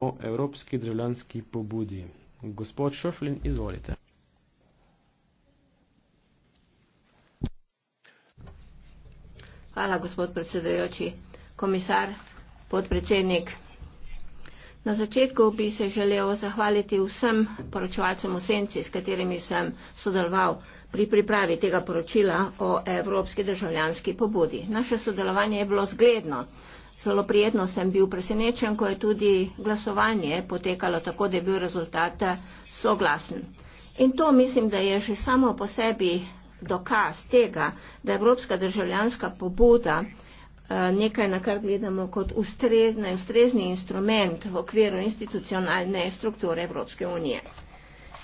o evropski državljanski pobudi. Gospod Šoflin, izvolite. Hvala, gospod predsedujoči, komisar, podpredsednik. Na začetku bi se želel zahvaliti vsem poročevalcem v senci, s katerimi sem sodeloval pri pripravi tega poročila o evropski državljanski pobudi. Naše sodelovanje je bilo zgledno. Celo prijetno sem bil presenečen, ko je tudi glasovanje potekalo tako, da je bil rezultat eh, soglasen. In to mislim, da je že samo po sebi dokaz tega, da je Evropska državljanska pobuda eh, nekaj, na kar gledamo kot ustrezne, ustrezni instrument v okviru institucionalne strukture Evropske unije.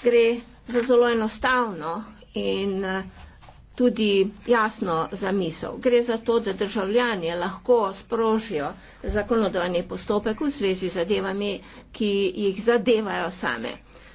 Gre za zelo enostavno in uh, tudi jasno zamisel. Gre za to, da državljanje lahko sprožijo zakonodajni postopek v zvezi z zadevami, ki jih zadevajo same.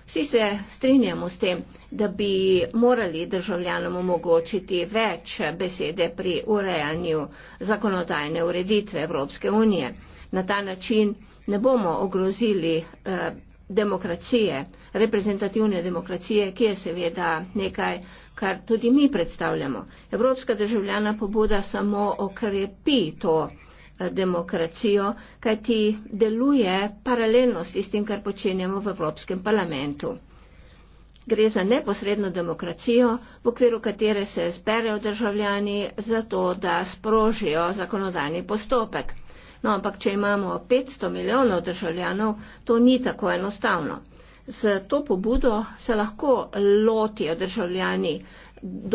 Vsi se strinjamo s tem, da bi morali državljanom omogočiti več besede pri urejanju zakonodajne ureditve Evropske unije. Na ta način ne bomo ogrozili eh, demokracije, reprezentativne demokracije, ki je seveda nekaj, kar tudi mi predstavljamo. Evropska državljana pobuda samo okrepi to eh, demokracijo, kajti deluje paralelno s tistim, kar počenjamo v Evropskem parlamentu. Gre za neposredno demokracijo, v okviru katere se zberejo državljani za to, da sprožijo zakonodajni postopek. No, ampak če imamo 500 milijonov državljanov, to ni tako enostavno. Z to pobudo se lahko lotijo državljani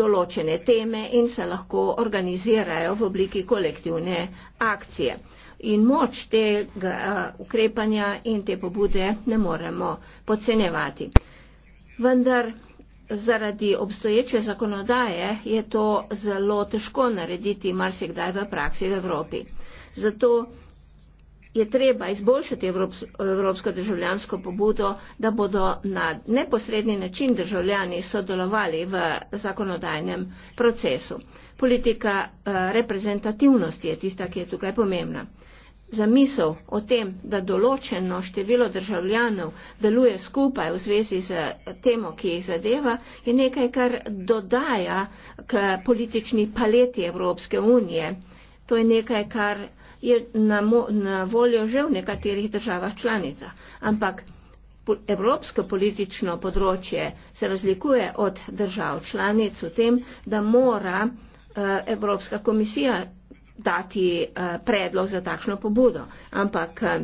določene teme in se lahko organizirajo v obliki kolektivne akcije. In moč tega eh, ukrepanja in te pobude ne moremo podcenevati. Vendar zaradi obstoječe zakonodaje je to zelo težko narediti marsikdaj v praksi v Evropi. Zato je treba izboljšati evropsko, evropsko državljansko pobudo, da bodo na neposredni način državljani sodelovali v zakonodajnem procesu. Politika eh, reprezentativnosti je tista, ki je tukaj pomembna. Zamisel o tem, da določeno število državljanov deluje skupaj v zvezi z temo, ki jih zadeva, je nekaj, kar dodaja k politični paleti Evropske unije. To je nekaj, kar je na, mo, na voljo že v nekaterih državah članica. Ampak po, evropsko politično področje se razlikuje od držav članic v tem, da mora eh, Evropska komisija dati eh, predlog za takšno pobudo. Ampak eh,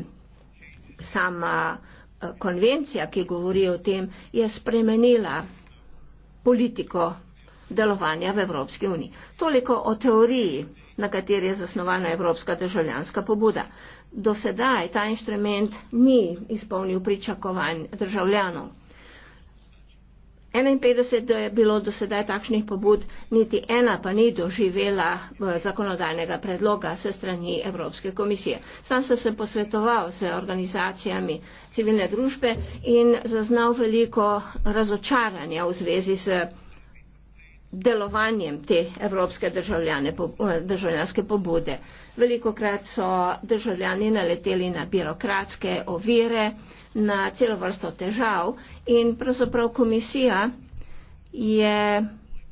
sama eh, konvencija, ki govori o tem, je spremenila politiko delovanja v Evropski uniji. Toliko o teoriji na kateri je zasnovana evropska državljanska pobuda. Do sedaj ta inštrument ni izpolnil pričakovanj državljanov. 51 je bilo do sedaj takšnih pobud, niti ena pa ni doživela eh, zakonodajnega predloga se strani Evropske komisije. Sam sem se posvetoval z organizacijami civilne družbe in zaznal veliko razočaranja v zvezi z delovanjem te evropske eh, državljanske pobude. Veliko krat so državljani naleteli na birokratske ovire, na celo vrsto težav in pravzaprav komisija je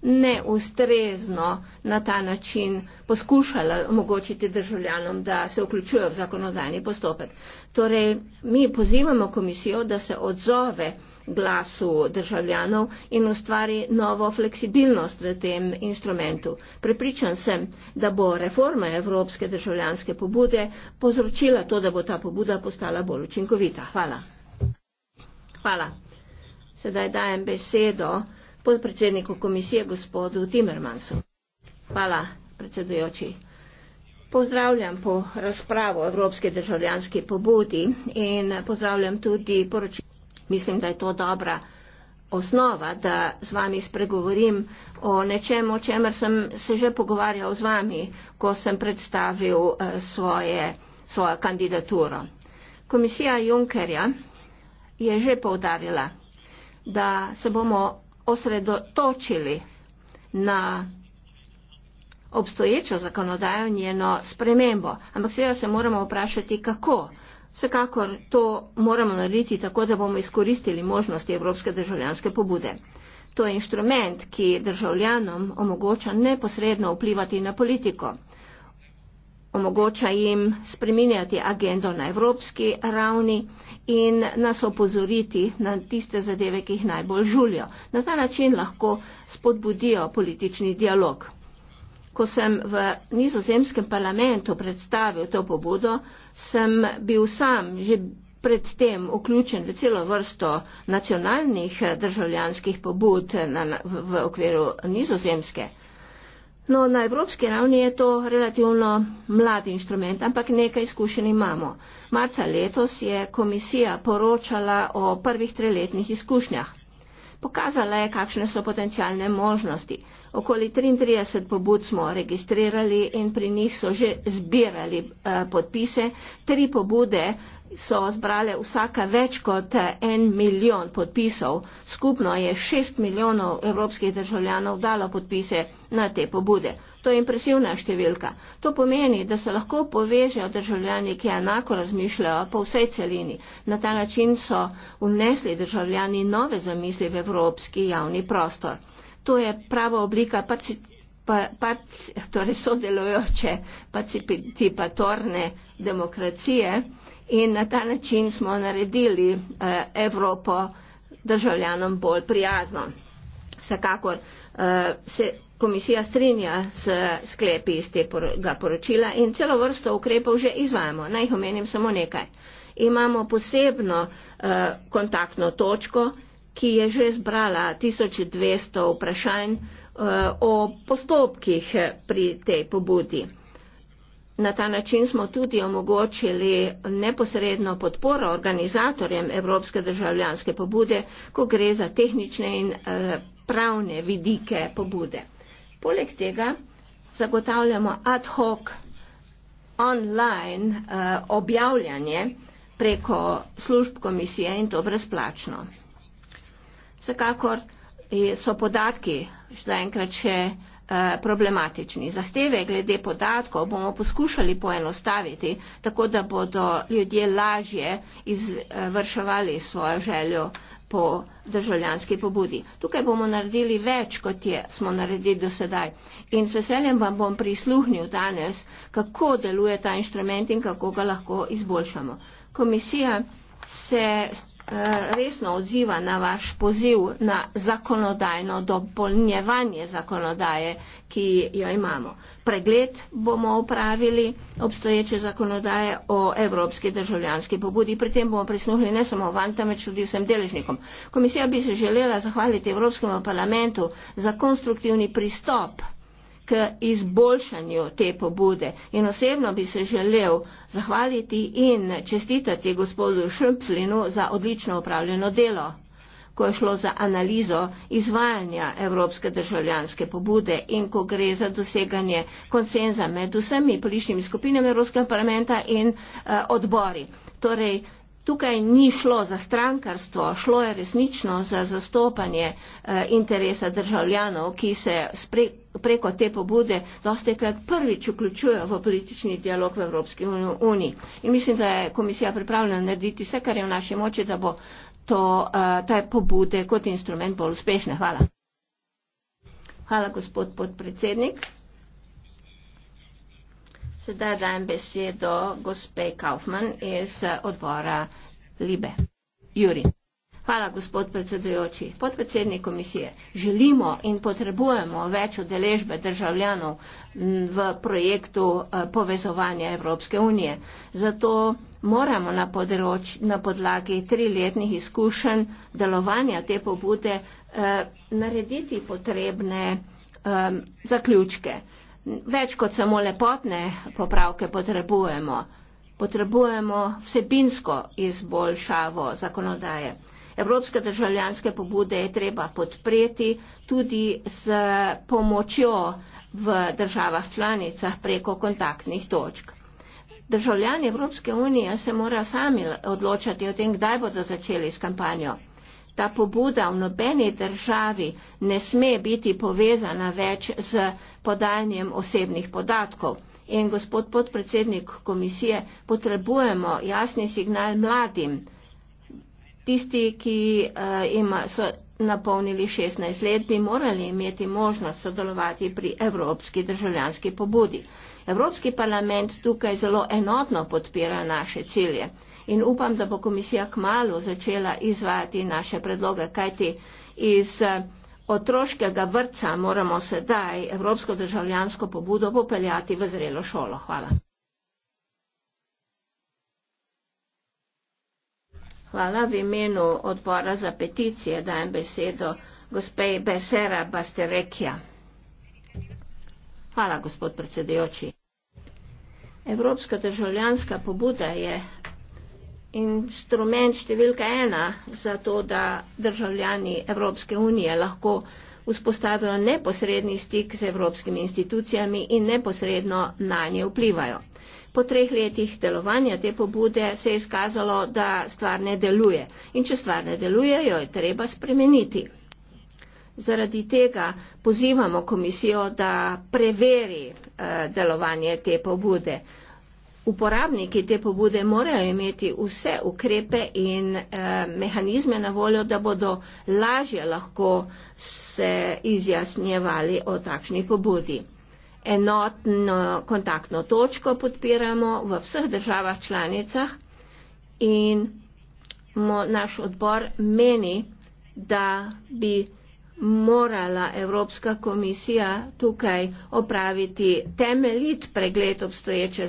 neustrezno na ta način poskušala omogočiti državljanom, da se vključujejo v zakonodajni postopek. Torej, mi pozivamo komisijo, da se odzove glasu državljanov in ustvari novo fleksibilnost v tem instrumentu. Prepričan sem, da bo reforma evropske državljanske pobude povzročila to, da bo ta pobuda postala bolj učinkovita. Hvala. Hvala. Sedaj dajem besedo podpredsedniku komisije gospodu Timmermansu. Hvala, predsedujoči. Pozdravljam po razpravo o evropske državljanske pobudi in pozdravljam tudi poročilo mislim, da je to dobra osnova, da z vami spregovorim o nečem, o čemer sem se že pogovarjal z vami, ko sem predstavil eh, svoje, svojo kandidaturo. Komisija Junkerja je že povdarjala, da se bomo osredotočili na obstoječo zakonodajo in njeno spremembo. Ampak seveda se moramo vprašati, kako. Vsekakor to moramo narediti tako, da bomo izkoristili možnosti Evropske državljanske pobude. To je inštrument, ki državljanom omogoča neposredno vplivati na politiko. Omogoča jim spreminjati agendo na evropski ravni in nas opozoriti na tiste zadeve, ki jih najbolj žulijo. Na ta način lahko spodbudijo politični dialog. Ko sem v nizozemskem parlamentu predstavil to pobudo, sem bil sam že predtem vključen v celo vrsto nacionalnih eh, državljanskih pobud na, v, v okviru nizozemske. No, na evropski ravni je to relativno mlad inštrument, ampak nekaj izkušenj imamo. Marca letos je komisija poročala o prvih treletnih izkušnjah pokazala je, kakšne so potencijalne možnosti. Okoli 33 pobud smo registrirali in pri njih so že zbirali eh, podpise. Tri pobude so zbrale vsaka več kot eh, en milijon podpisov. Skupno je šest milijonov evropskih državljanov dalo podpise na te pobude. To je impresivna številka. To pomeni, da se lahko povežejo državljani, ki enako razmišljajo po vsej celini. Na ta način so vnesli državljani nove zamisli v evropski javni prostor. To je prava oblika parci, pa, par, torej sodelujoče participatorne demokracije in na ta način smo naredili eh, Evropo državljanom bolj prijazno. Vsekakor eh, se komisija strinja s sklepi iz tega poročila in celo vrsto ukrepov že izvajamo. Naj jih omenim samo nekaj. Imamo posebno uh, kontaktno točko, ki je že zbrala 1200 vprašanj uh, o postopkih eh, pri tej pobudi. Na ta način smo tudi omogočili neposredno podporo organizatorjem Evropske državljanske pobude, ko gre za tehnične in uh, pravne vidike pobude. Poleg tega zagotavljamo ad hoc online uh, objavljanje preko služb komisije in to brezplačno. Vsekakor so podatki še enkrat še uh, problematični. Zahteve glede podatkov bomo poskušali poenostaviti, tako da bodo ljudje lažje izvrševali svojo željo uh, po državljanski pobudi. Tukaj bomo naredili več, kot je, smo naredili do sedaj. In s veseljem vam bom prisluhnil danes, kako deluje ta inštrument in kako ga lahko izboljšamo. Komisija se Eh, resno odziva na vaš poziv na zakonodajno dopolnjevanje zakonodaje, ki jo imamo. Pregled bomo upravili obstoječe zakonodaje o evropski državljanski pobudi. Pri tem bomo prisluhli ne samo vam, temveč tudi vsem deležnikom. Komisija bi se želela zahvaliti Evropskemu parlamentu za konstruktivni pristop k izboljšanju te pobude. In osebno bi se želel zahvaliti in čestitati gospodu Šrpflinu za odlično upravljeno delo, ko je šlo za analizo izvajanja evropske državljanske pobude in ko gre za doseganje konsenza med vsemi političnimi skupinami Evropskega parlamenta in eh, odbori. Torej, Tukaj ni šlo za strankarstvo, šlo je resnično za zastopanje eh, interesa državljanov, ki se spre, preko te pobude dosti krat prvič vključujejo v politični dialog v Evropski uniji. In mislim, da je komisija pripravljena narediti vse, kar je v naši moči, da bo to, eh, ta pobude kot instrument bolj uspešna. Hvala. Hvala, gospod podpredsednik. Sedaj dajem besedo gospe Kaufmann iz odbora Libe. Jurin. Hvala, gospod predsedujoči. Podpredsednik komisije, želimo in potrebujemo več udeležbe državljanov v projektu eh, povezovanja Evropske unije. Zato moramo na, področ, na podlagi triletnih izkušenj delovanja te pobude eh, narediti potrebne eh, zaključke. Več kot samo lepotne popravke potrebujemo. Potrebujemo vsebinsko izboljšavo zakonodaje. Evropske državljanske pobude je treba podpreti tudi s pomočjo v državah članicah preko kontaktnih točk. Državljani Evropske unije se morajo sami odločati o tem, kdaj bodo začeli s kampanjo. Ta pobuda v nobeni državi ne sme biti povezana več z podaljnjem osebnih podatkov. In gospod podpredsednik komisije, potrebujemo jasni signal mladim, Tisti, ki uh, ima, so napolnili 16 let, bi morali imeti možnost sodelovati pri evropski državljanski pobudi. Evropski parlament tukaj zelo enotno podpira naše cilje in upam, da bo komisija kmalo začela izvajati naše predloge, kajti iz eh, otroškega vrca moramo sedaj evropsko državljansko pobudo popeljati v zrelo šolo. Hvala. Hvala. V imenu odbora za peticije dajem besedo gospej Besera Basterekija. Hvala, gospod predsedujoči. Evropska državljanska pobuda je instrument številka ena za to, da državljani Evropske unije lahko vzpostavijo neposredni stik z evropskimi institucijami in neposredno na nje vplivajo. Po treh letih delovanja te pobude se je izkazalo, da stvar ne deluje. In če stvar ne deluje, jo je treba spremeniti. Zaradi tega pozivamo komisijo, da preveri eh, delovanje te pobude. Uporabniki te pobude morajo imeti vse ukrepe in eh, mehanizme na voljo, da bodo lažje lahko se izjasnjevali o takšni pobudi enotno kontaktno točko podpiramo v vseh državah članicah in naš odbor meni, da bi morala Evropska komisija tukaj opraviti temeljit pregled obstoječe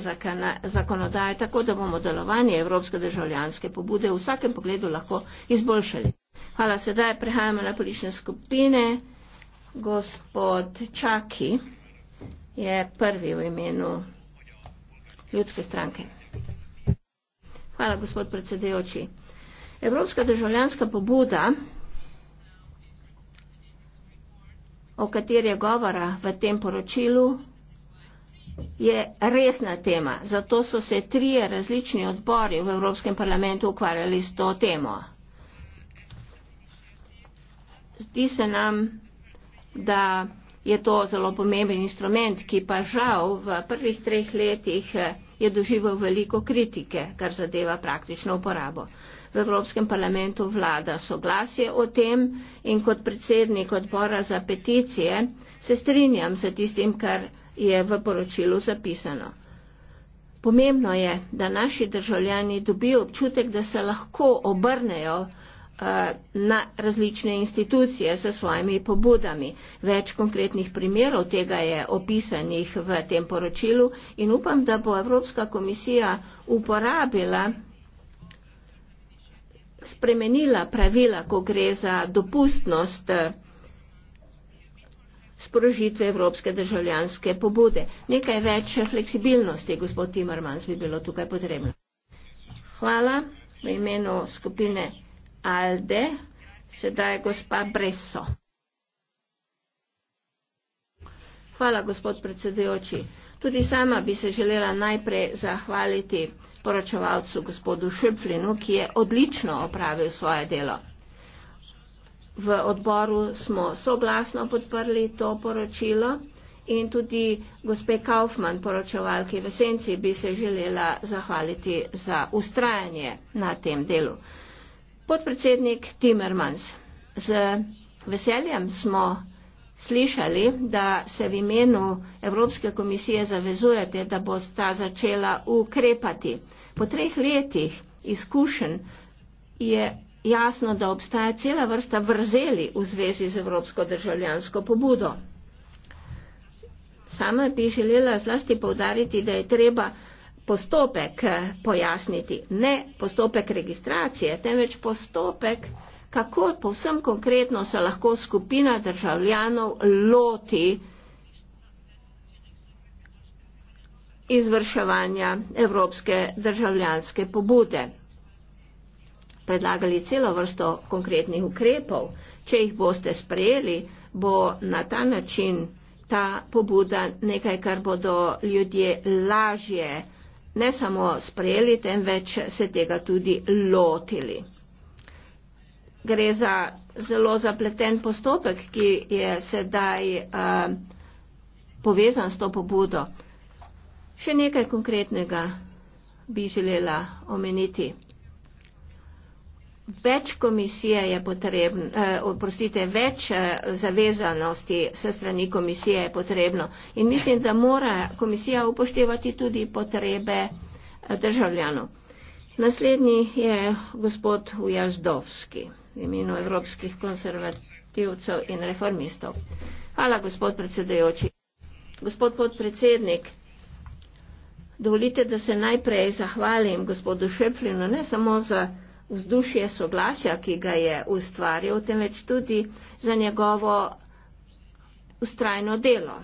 zakonodaje, tako da bomo delovanje Evropske državljanske pobude v vsakem pogledu lahko izboljšali. Hvala, sedaj prehajamo na politične skupine. Gospod Čaki je prvi v imenu ljudske stranke. Hvala, gospod predsedejoči. Evropska državljanska pobuda, o kateri je govora v tem poročilu, je resna tema. Zato so se trije različni odbori v Evropskem parlamentu ukvarjali s to temo. Zdi se nam, da je to zelo pomemben instrument, ki pa žal v prvih treh letih eh, je doživel veliko kritike, kar zadeva praktično uporabo. V Evropskem parlamentu vlada soglasje o tem in kot predsednik odbora za peticije se strinjam s tistim, kar je v poročilu zapisano. Pomembno je, da naši državljani dobijo občutek, da se lahko obrnejo Eh, na različne institucije s svojimi pobudami. Več konkretnih primerov tega je opisanih v tem poročilu in upam, da bo Evropska komisija uporabila, spremenila pravila, ko gre za dopustnost eh, sprožitve Evropske državljanske pobude. Nekaj več fleksibilnosti, gospod Timmermans, bi bilo tukaj potrebno. Hvala v imenu skupine. Alde, sedaj gospa Breso. Hvala, gospod predsedujoči. Tudi sama bi se želela najprej zahvaliti poročevalcu gospodu Šrplinu, ki je odlično opravil svoje delo. V odboru smo soglasno podprli to poročilo in tudi gospe Kaufmann, poročevalki v Senci, bi se želela zahvaliti za ustrajanje na tem delu. Podpredsednik Timmermans, z veseljem smo slišali, da se v imenu Evropske komisije zavezujete, da bo ta začela ukrepati. Po treh letih izkušenj je jasno, da obstaja cela vrsta vrzeli v zvezi z Evropsko državljansko pobudo. Sama bi želela zlasti povdariti, da je treba postopek eh, pojasniti. Ne postopek registracije, temveč postopek, kako povsem konkretno se lahko skupina državljanov loti izvrševanja evropske državljanske pobude. Predlagali celo vrsto konkretnih ukrepov. Če jih boste sprejeli, bo na ta način ta pobuda nekaj, kar bodo ljudje lažje ne samo sprejeli, temveč se tega tudi lotili. Gre za zelo zapleten postopek, ki je sedaj uh, povezan s to pobudo. Še nekaj konkretnega bi želela omeniti. Več komisije je potrebno, eh, oprostite, več eh, zavezanosti se strani komisije je potrebno in mislim, da mora komisija upoštevati tudi potrebe eh, državljanov. Naslednji je gospod Ujazdovski v imenu evropskih konservativcev in reformistov. Hvala, gospod predsedujoči. Gospod podpredsednik, dovolite, da se najprej zahvalim gospodu Šeflinu, ne samo za vzdušje soglasja, ki ga je ustvaril, temveč tudi za njegovo ustrajno delo.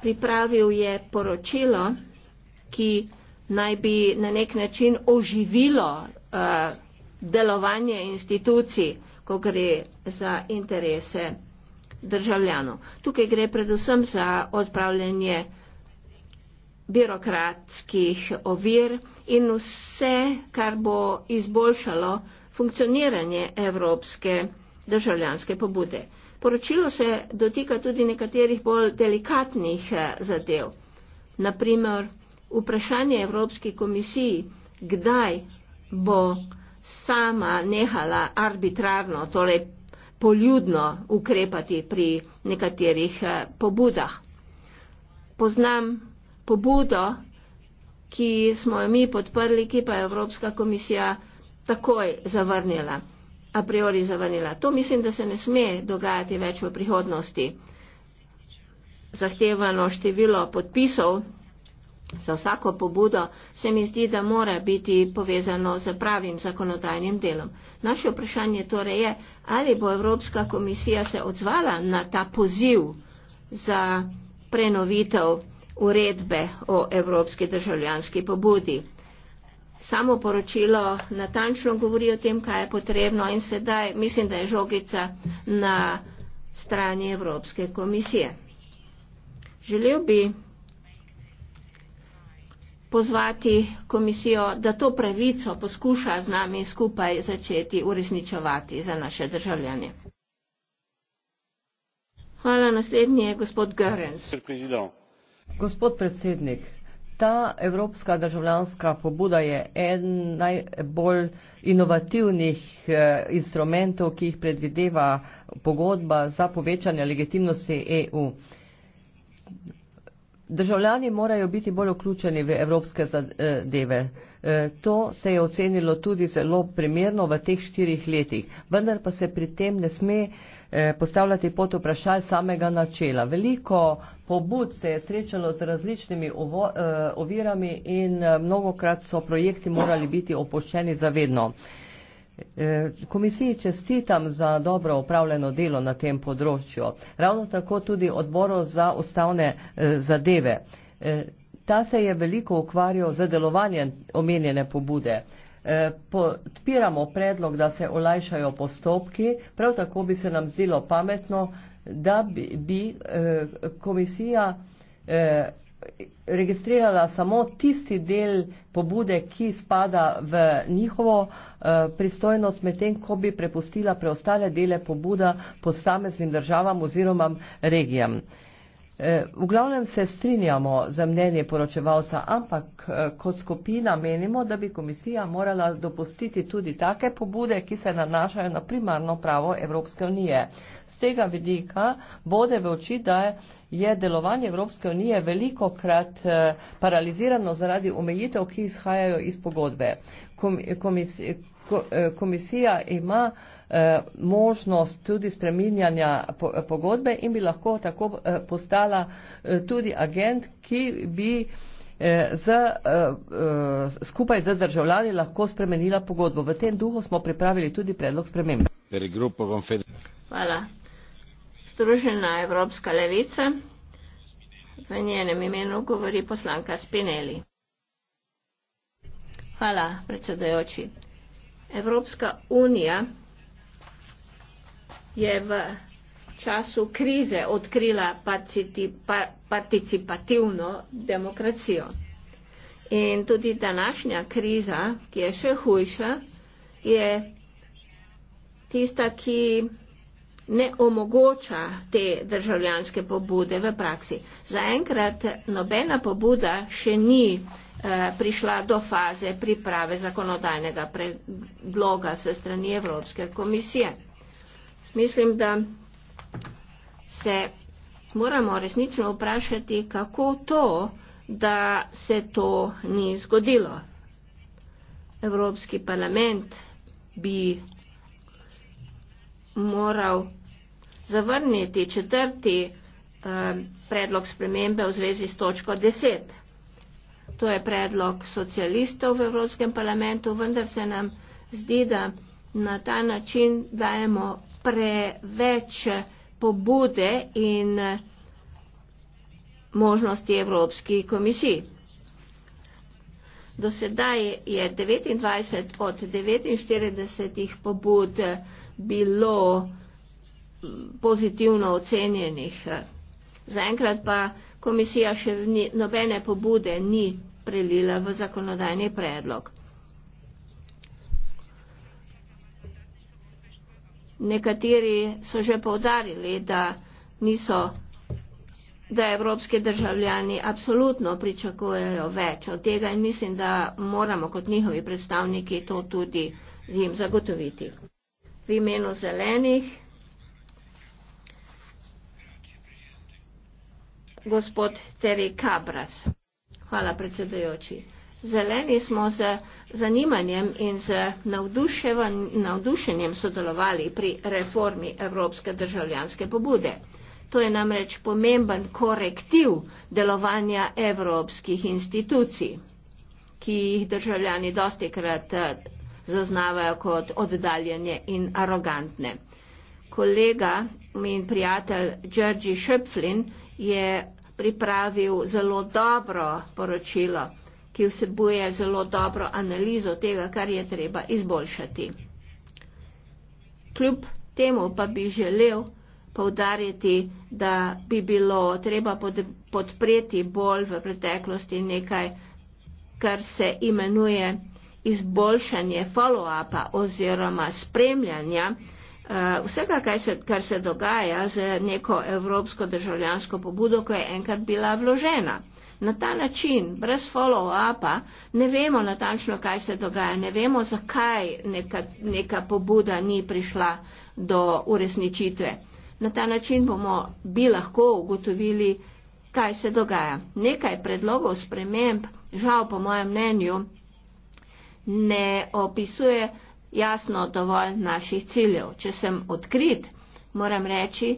Pripravil je poročilo, ki naj bi na nek način oživilo uh, delovanje institucij, ko gre za interese državljanov. Tukaj gre predvsem za odpravljanje birokratskih ovir in vse, kar bo izboljšalo funkcioniranje evropske državljanske pobude. Poročilo se dotika tudi nekaterih bolj delikatnih eh, zadev. Naprimer, vprašanje Evropske komisiji, kdaj bo sama nehala arbitrarno, torej poljudno ukrepati pri nekaterih eh, pobudah. Poznam pobudo, ki smo jo mi podprli, ki pa je Evropska komisija takoj zavrnila, a priori zavrnila. To mislim, da se ne sme dogajati več v prihodnosti. Zahtevano število podpisov za vsako pobudo se mi zdi, da mora biti povezano z pravim zakonodajnim delom. Naše vprašanje torej je, ali bo Evropska komisija se odzvala na ta poziv za prenovitev uredbe o evropski državljanski pobudi. Samo poročilo natančno govori o tem, kaj je potrebno in sedaj mislim, da je žogica na strani Evropske komisije. Želel bi pozvati komisijo, da to pravico poskuša z nami skupaj začeti uresničevati za naše državljanje. Hvala, naslednji je gospod Görens. Gospod predsednik, ta evropska državljanska pobuda je en najbolj inovativnih eh, instrumentov, ki jih predvideva pogodba za povečanje legitimnosti EU. Državljani morajo biti bolj vključeni v evropske zadeve. Eh, to se je ocenilo tudi zelo primerno v teh štirih letih, vendar pa se pri tem ne sme Eh, postavljati pot vprašanj samega načela. Veliko pobud se je srečalo z različnimi eh, ovirami in eh, mnogokrat so projekti morali biti opoščeni zavedno. Komisiji čestitam za dobro upravljeno delo na tem področju, ravno tako tudi odboru za ustavne zadeve. Ta se je veliko ukvarjal z delovanjem omenjene pobude. Eh, podpiramo predlog, da se olajšajo postopki. Prav tako bi se nam zdelo pametno, da bi, bi eh, komisija eh, registrirala samo tisti del pobude, ki spada v njihovo pristojnost, medtem ko bi prepustila preostale dele pobuda posameznim državam oziroma regijam. Eh, v glavnem se strinjamo za mnenje poročevalca, ampak eh, kot skupina menimo, da bi komisija morala dopustiti tudi take pobude, ki se nanašajo na primarno pravo Evropske unije. Z tega vidika bode v oči, da je delovanje Evropske unije veliko krat eh, paralizirano zaradi omejitev, ki izhajajo iz pogodbe. Komisija, Eh, komisija ima eh, možnost tudi spreminjanja eh, pogodbe in bi lahko tako postala tudi agent, ki bi z, skupaj z državljani lahko spremenila pogodbo. V tem duhu smo pripravili tudi predlog sprememb. Hvala. Združena Evropska levica. V njenem imenu govori poslanka Spinelli. Hvala, predsedojoči. Evropska unija je v času krize odkrila participativno demokracijo. In tudi današnja kriza, ki je še hujša, je tista, ki ne omogoča te državljanske pobude v praksi. Zaenkrat nobena pobuda še ni. Eh, prišla do faze priprave zakonodajnega predloga se strani Evropske komisije. Mislim, da se moramo resnično vprašati, kako to, da se to ni zgodilo. Evropski parlament bi moral zavrniti četrti eh, predlog spremembe v zvezi s točko deset. To je predlog socialistov v Evropskem parlamentu, vendar se nam zdi, da na ta način dajemo preveč pobude in možnosti Evropski komisiji. Do sedaj je 29 od 49 pobud bilo pozitivno ocenjenih. Zaenkrat pa komisija še nobene pobude ni prelila v zakonodajni predlog. Nekateri so že povdarili, da, niso, da evropske državljani apsolutno pričakujejo več od tega in mislim, da moramo kot njihovi predstavniki to tudi jim zagotoviti. V imenu zelenih, gospod Terry Cabras. Hvala, predsedajoči. Zeleni smo z zanimanjem in z navdušenjem sodelovali pri reformi Evropske državljanske pobude. To je namreč pomemben korektiv delovanja evropskih institucij, ki jih državljani dosti krat eh, zaznavajo kot oddaljene in arogantne. Kolega in prijatelj Georgi Šepflin je pripravil zelo dobro poročilo, ki vsebuje zelo dobro analizo tega, kar je treba izboljšati. Kljub temu pa bi želel povdarjati, da bi bilo treba podpreti bolj v preteklosti nekaj, kar se imenuje izboljšanje follow-upa oziroma spremljanja, Eh, vsega, kaj se, kar se dogaja z neko evropsko državljansko pobudo, ko je enkrat bila vložena. Na ta način, brez follow-upa, ne vemo natančno, kaj se dogaja, ne vemo, zakaj neka, neka pobuda ni prišla do uresničitve. Na ta način bomo bi lahko ugotovili, kaj se dogaja. Nekaj predlogov sprememb, žal po mojem mnenju, ne opisuje, jasno dovolj naših ciljev. Če sem odkrit, moram reči,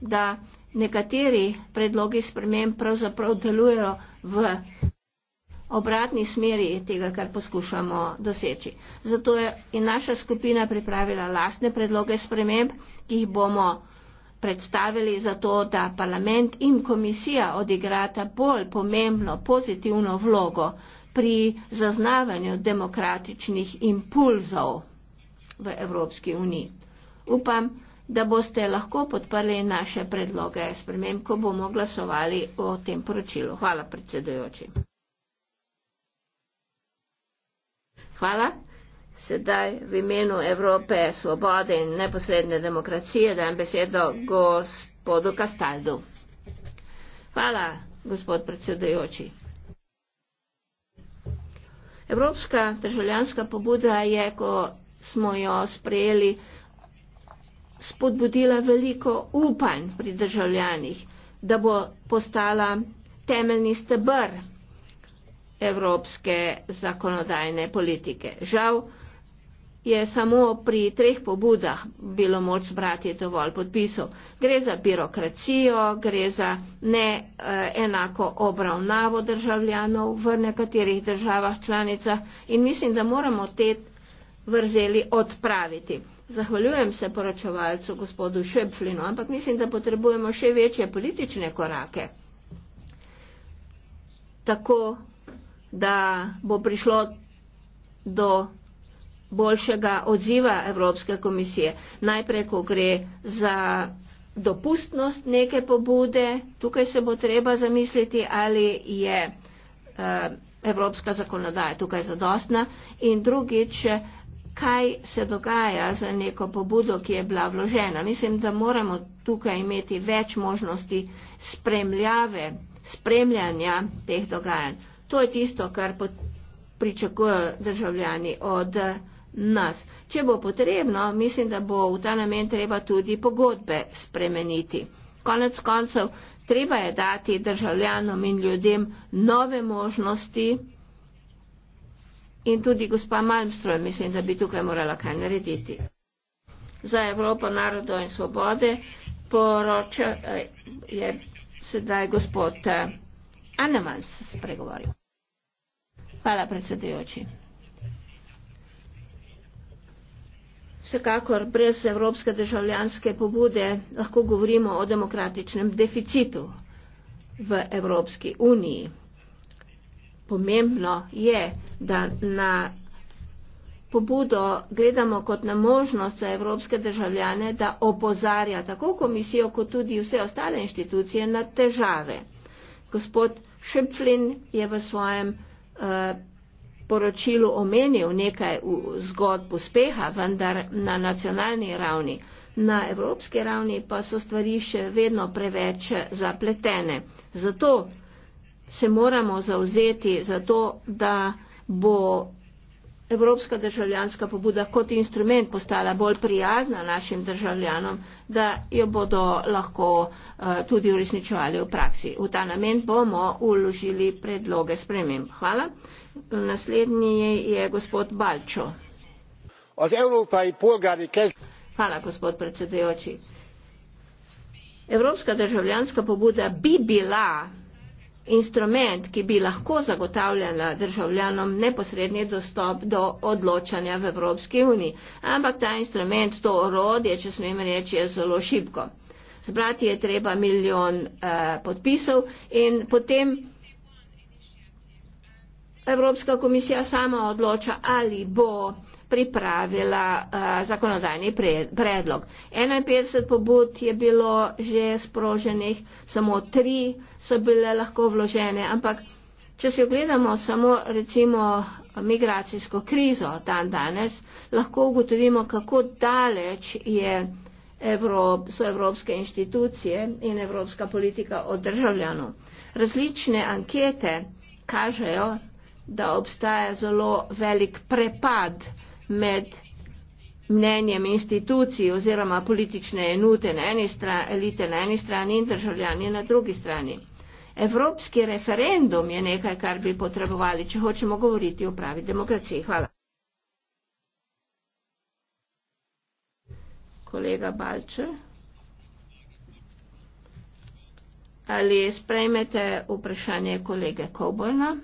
da nekateri predlogi sprememb pravzaprav delujejo v obratni smeri tega, kar poskušamo doseči. Zato je naša skupina pripravila lastne predloge sprememb, ki jih bomo predstavili za to, da parlament in komisija odigrata bolj pomembno, pozitivno vlogo pri zaznavanju demokratičnih impulzov v Evropski uniji. Upam, da boste lahko podprli naše predloge sprememb, ko bomo glasovali o tem poročilu. Hvala, predsedujoči. Hvala. Sedaj v imenu Evrope, svobode in neposredne demokracije dajem besedo gospodu Kastaldu. Hvala, gospod predsedujoči. Evropska državljanska pobuda je, ko smo jo sprejeli, spodbudila veliko upanj pri državljanih, da bo postala temeljni stebr evropske zakonodajne politike. Žal je samo pri treh pobudah bilo moč zbrati dovolj podpisov. Gre za birokracijo, gre za neenako eh, obravnavo državljanov v nekaterih državah članicah in mislim, da moramo te vrzeli odpraviti. Zahvaljujem se poročevalcu gospodu Šepflinu, ampak mislim, da potrebujemo še večje politične korake, tako da bo prišlo do boljšega odziva Evropske komisije. Najprej, ko gre za dopustnost neke pobude, tukaj se bo treba zamisliti, ali je eh, Evropska zakonodaja tukaj zadostna in drugič, kaj se dogaja za neko pobudo, ki je bila vložena. Mislim, da moramo tukaj imeti več možnosti spremljave, spremljanja teh dogajanj. To je tisto, kar pričakujejo državljani od nas. Če bo potrebno, mislim, da bo v ta namen treba tudi pogodbe spremeniti. Konec koncev, treba je dati državljanom in ljudem nove možnosti, In tudi gospa Malmström, mislim, da bi tukaj morala kaj narediti. Za Evropo narodo in svobode poroča eh, je sedaj gospod eh, Anemans spregovoril. Hvala, predsedujoči. Vsekakor brez evropske državljanske pobude lahko govorimo o demokratičnem deficitu v Evropski uniji pomembno je, da na pobudo gledamo kot na možnost za evropske državljane, da opozarja tako komisijo, kot tudi vse ostale inštitucije na težave. Gospod Šepflin je v svojem eh, poročilu omenil nekaj zgodb uspeha, vendar na nacionalni ravni. Na evropski ravni pa so stvari še vedno preveč zapletene. Zato se moramo zauzeti za to, da bo evropska državljanska pobuda kot instrument postala bolj prijazna našim državljanom, da jo bodo lahko eh, tudi uresničevali v praksi. V ta namen bomo uložili predloge sprememb. Hvala. Naslednji je gospod Balčo. Az európai polgári kezd... Hvala, gospod predsedujoči. Evropska državljanska pobuda bi bila instrument, ki bi lahko zagotavljala državljanom neposredni dostop do odločanja v Evropski uniji. Ampak ta instrument, to orodje, če smem reči, je zelo šibko. Zbrati je treba milijon uh, podpisov in potem Evropska komisija sama odloča, ali bo uh, pripravila uh, zakonodajni predlog. 51 pobud je bilo že sproženih, samo tri so bile lahko vložene, ampak če si ogledamo samo recimo migracijsko krizo dan danes, lahko ugotovimo, kako daleč je Evrop, so evropske inštitucije in evropska politika od državljanov. Različne ankete kažejo, da obstaja zelo velik prepad med mnenjem institucij oziroma politične enute na eni strani, elite na eni strani in državljani na drugi strani. Evropski referendum je nekaj, kar bi potrebovali, če hočemo govoriti o pravi demokraciji. Hvala. Kolega Balčer. Ali sprejmete vprašanje kolege Koborna?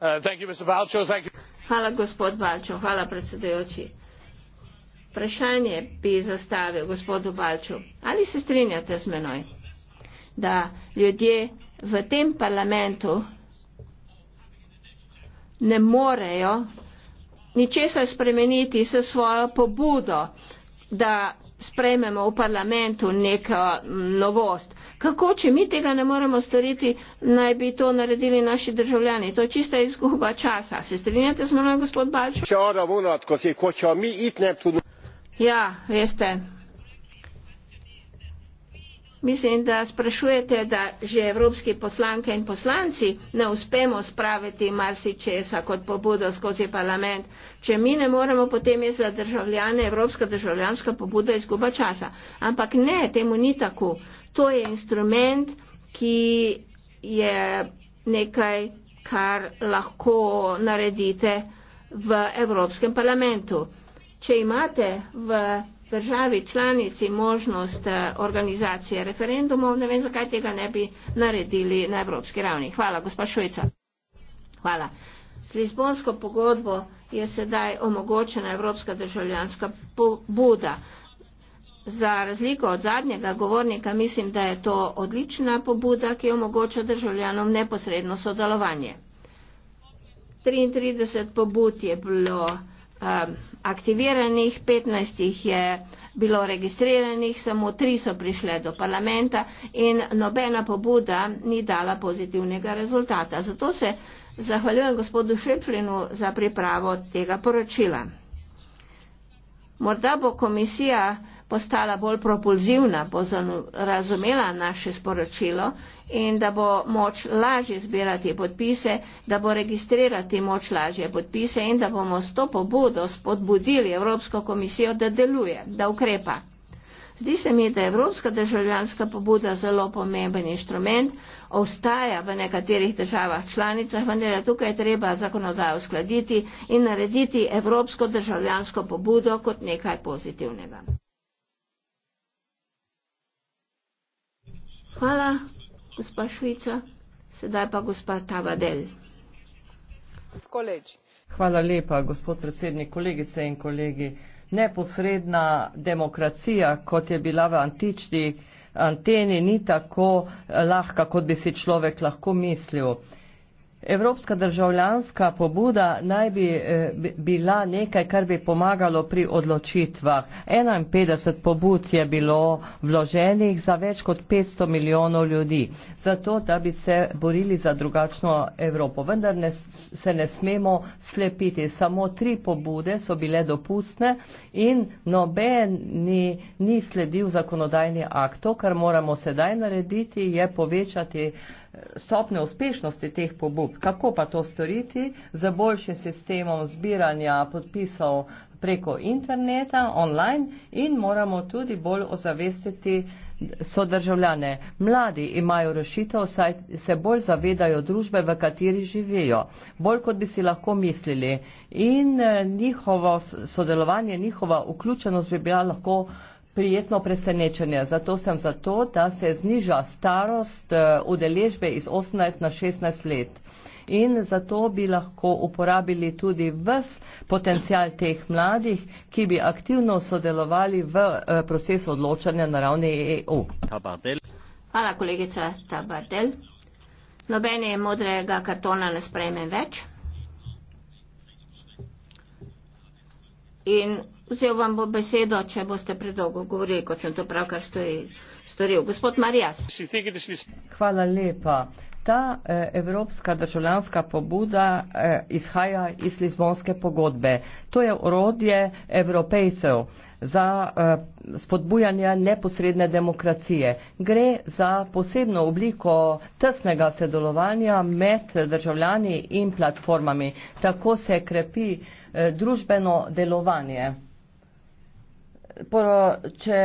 Uh, hvala gospod balčo hvala predsedujoči vprašanje bi zastavil gospodu balču ali se strinjate z menoj da ljudje v tem parlamentu ne morejo ničesar spremeniti s svojo pobudo da sprejmemo v parlamentu neka novost. Kako, če mi tega ne moremo storiti, naj bi to naredili naši državljani? To je čista izguba časa. Se strinjate s mano, gospod Balčo? Ja, veste, mislim, da sprašujete, da že evropski poslanke in poslanci ne uspemo spraviti marsičesa kot pobudo skozi parlament. Če mi ne moremo, potem je za državljane evropska državljanska pobuda izguba časa. Ampak ne, temu ni tako. To je instrument, ki je nekaj, kar lahko naredite v Evropskem parlamentu. Če imate v državi članici možnost eh, organizacije referendumov, ne vem, zakaj tega ne bi naredili na evropski ravni. Hvala, gospa Švica. Hvala. S Lizbonsko pogodbo je sedaj omogočena evropska državljanska pobuda. Za razliko od zadnjega govornika mislim, da je to odlična pobuda, ki omogoča državljanom neposredno sodelovanje. 33 pobud je bilo um, aktiviranih, 15 jih je bilo registriranih, samo tri so prišle do parlamenta in nobena pobuda ni dala pozitivnega rezultata. Zato se zahvaljujem gospodu Šepflinu za pripravo tega poročila. Morda bo komisija postala bolj propulzivna, bo razumela naše sporočilo in da bo moč lažje zbirati podpise, da bo registrirati moč lažje podpise in da bomo s to pobudo spodbudili Evropsko komisijo, da deluje, da ukrepa. Zdi se mi, da je Evropska državljanska pobuda zelo pomemben inštrument, ostaja v nekaterih državah članicah, vendar je tukaj treba zakonodajo uskladiti in narediti Evropsko državljansko pobudo kot nekaj pozitivnega. Hvala, gospa Švica. Sedaj pa gospa Tavadel. Skoleč. Hvala lepa, gospod predsednik, kolegice in kolegi. Neposredna demokracija, kot je bila v antični anteni, ni tako lahka, kot bi si človek lahko mislil. Evropska državljanska pobuda naj eh, bi bila nekaj, kar bi pomagalo pri odločitvah. 51 pobud je bilo vloženih za več kot 500 milijonov ljudi, zato da bi se borili za drugačno Evropo. Vendar ne, se ne smemo slepiti. Samo tri pobude so bile dopustne in noben ni, ni sledil zakonodajni akt. To, kar moramo sedaj narediti, je povečati stopne uspešnosti teh pobud. Kako pa to storiti? Za boljše sistemom zbiranja podpisov preko interneta, online in moramo tudi bolj ozavestiti sodržavljane. Mladi imajo rešitev, saj se bolj zavedajo družbe, v kateri živijo, bolj kot bi si lahko mislili. In eh, njihovo sodelovanje, njihova vključenost bi bila lahko prijetno presenečenje. Zato sem za to, da se zniža starost eh, udeležbe iz 18 na 16 let. In zato bi lahko uporabili tudi ves potencial teh mladih, ki bi aktivno sodelovali v eh, procesu odločanja na ravni EU. E Hvala, kolegica Tabardel. Nobene modrega kartona ne sprejme več. In vzel vam bo besedo, če boste predolgo govorili, kot sem to pravkar storil. Gospod Marijas. Hvala lepa. Ta eh, evropska državljanska pobuda eh, izhaja iz Lizbonske pogodbe. To je orodje evropejcev za eh, spodbujanje neposredne demokracije. Gre za posebno obliko tesnega sodelovanja med državljani in platformami. Tako se krepi družbeno delovanje če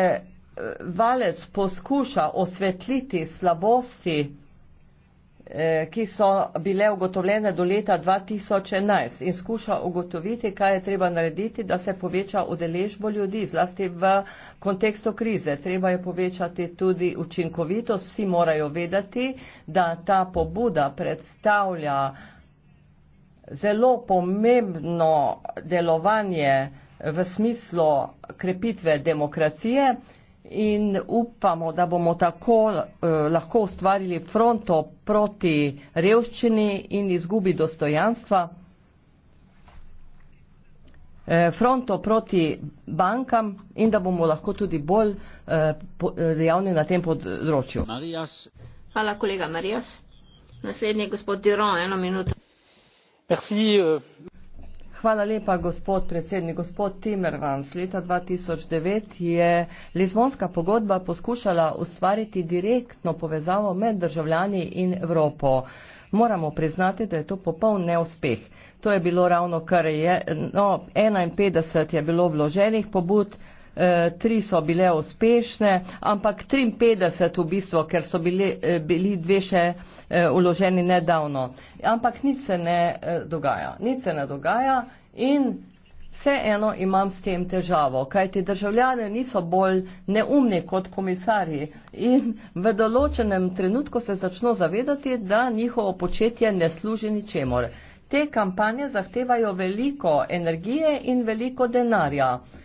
valec poskuša osvetliti slabosti, eh, ki so bile ugotovljene do leta 2011 in skuša ugotoviti, kaj je treba narediti, da se poveča udeležbo ljudi, zlasti v kontekstu krize. Treba je povečati tudi učinkovitost. Vsi morajo vedeti, da ta pobuda predstavlja zelo pomembno delovanje v smislu krepitve demokracije in upamo, da bomo tako eh, lahko ustvarili fronto proti revščini in izgubi dostojanstva, eh, fronto proti bankam in da bomo lahko tudi bolj eh, dejavni na tem področju. Marijas. Hvala, kolega Marijas. Naslednji je gospod Diron, eno minuto. Merci. Hvala lepa, gospod predsednik. Gospod Timmermans, leta 2009 je Lizbonska pogodba poskušala ustvariti direktno povezavo med državljani in Evropo. Moramo priznati, da je to popoln neuspeh. To je bilo ravno kar je, no, 51 je bilo vloženih pobud, Eh, tri so bile uspešne, ampak 53 v bistvu, ker so bili, eh, bili dve še uloženi eh, nedavno. Ampak nič se ne dogaja. Nič se ne dogaja in vseeno imam s tem težavo, kajti državljane niso bolj neumni kot komisarji in v določenem trenutku se začno zavedati, da njihovo početje ne služi ničemor. Te kampanje zahtevajo veliko energije in veliko denarja. Uh,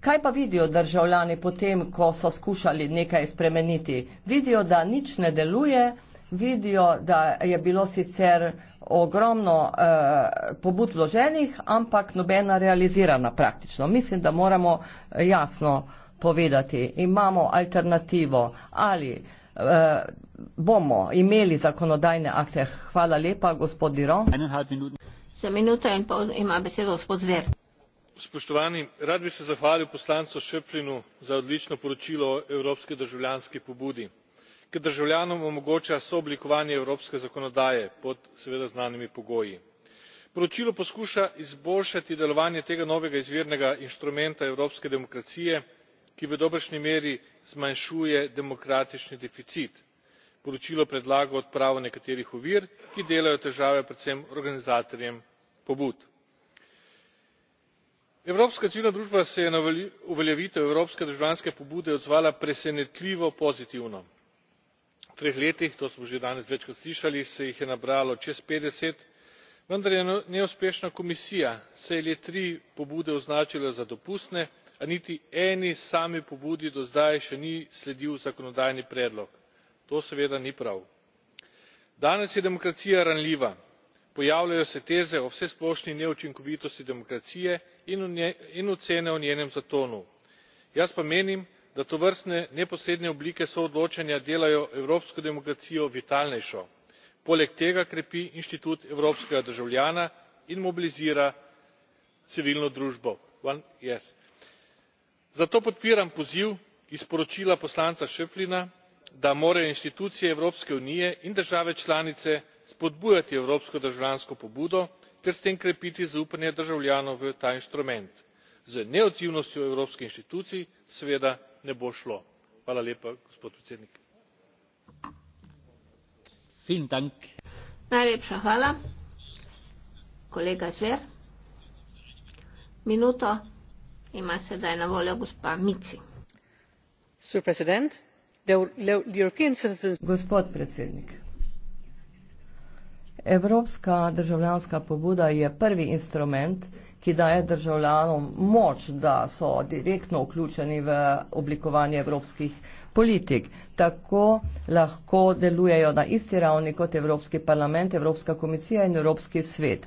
kaj pa vidijo državljani potem, ko so skušali nekaj spremeniti? Vidijo, da nič ne deluje, vidijo, da je bilo sicer ogromno eh, pobud vloženih, ampak nobena realizirana praktično. Mislim, da moramo eh, jasno povedati, imamo alternativo ali eh, bomo imeli zakonodajne akte. Hvala lepa, gospod Diro. Za minuto in pol ima besedo gospod Zver rad bi se zahvalil poslancu schpflinu za odlično poročilo o evropski državljanski pobudi ki državljanom omogoča sooblikovanje evropske zakonodaje pod seveda znanimi pogoji. poročilo poskuša izboljšati delovanje tega novega izvirnega inštrumenta evropske demokracije ki v dobršni meri zmanjšuje demokratični deficit. poročilo predlaga odpravo nekaterih ovir ki delajo težave predvsem organizatorjem pobud evropska civilna družba se je na uveljavitev evropske državljanske pobude odzvala presenetljivo pozitivno. v treh letih to smo že danes večkrat slišali se jih je nabralo čez petdeset vendar je neuspešna komisija vsaj le tri pobude označila za dopustne a niti eni sami pobudi do zdaj še ni sledil zakonodajni predlog. to seveda ni prav. danes je demokracija ranljiva pojavljajo se teze o vsesplošni neučinkovitosti demokracije in ocene o njenem zatonu. jaz pa menim da tovrstne neposredne oblike soodločanja delajo evropsko demokracijo vitalnejšo poleg tega krepi inštitut evropskega državljana in mobilizira civilno družbo. zato podpiram poziv iz poročila poslanca schpflina da morajo institucije evropske unije in države članice spodbujati evropsko državljansko pobudo ter s tem krepiti zaupanje državljanov v ta inštrument. z neodzivnostjo evropskih inštitucij seveda ne bo šlo. gospod predsednik Evropska državljanska pobuda je prvi instrument, ki daje državljanom moč, da so direktno vključeni v oblikovanje evropskih politik. Tako lahko delujejo na isti ravni kot Evropski parlament, Evropska komisija in Evropski svet.